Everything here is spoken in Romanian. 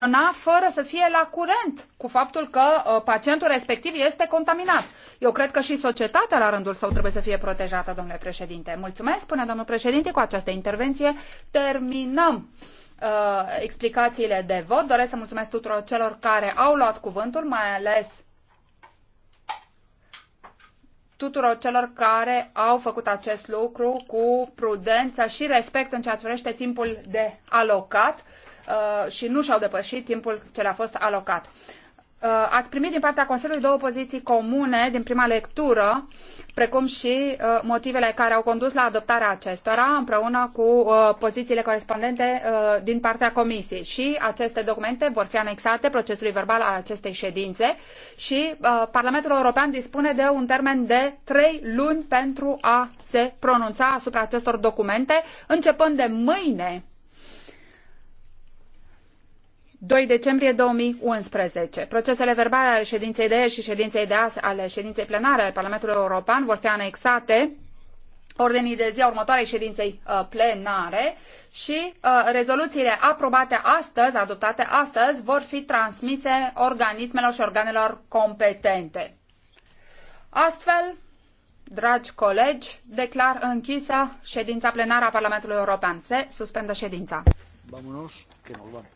acționa fără să fie la curent cu faptul că uh, pacientul respectiv este contaminat. Eu cred că și societatea la rândul său trebuie să fie protejată, domnule președinte. Mulțumesc, spune domnul președinte, cu această intervenție terminăm uh, explicațiile de vot. Doresc să mulțumesc tuturor celor care au luat cuvântul, mai ales tuturor celor care au făcut acest lucru cu prudență și respect în ceea ce privește timpul de alocat uh, și nu și-au depășit timpul ce le-a fost alocat. Uh, ați primit din partea Consiliului două poziții comune din prima lectură, precum și uh, motivele care au condus la adoptarea acestora, împreună cu uh, pozițiile corespondente din partea Comisiei. Și aceste documente vor fi anexate procesului verbal al acestei ședințe și Parlamentul European dispune de un termen de trei luni pentru a se pronunța asupra acestor documente, începând de mâine 2 decembrie 2011. Procesele verbale ale ședinței de ieri și ședinței de azi ale ședinței plenare ale Parlamentului European vor fi anexate ordinii de zi a următoarei ședinței uh, plenare și uh, rezoluțiile aprobate astăzi, adoptate astăzi, vor fi transmise organismelor și organelor competente. Astfel, Dragi colegi, declar închisă ședința plenară a Parlamentului European. Se suspendă ședința. Vámonos, que nos vamos.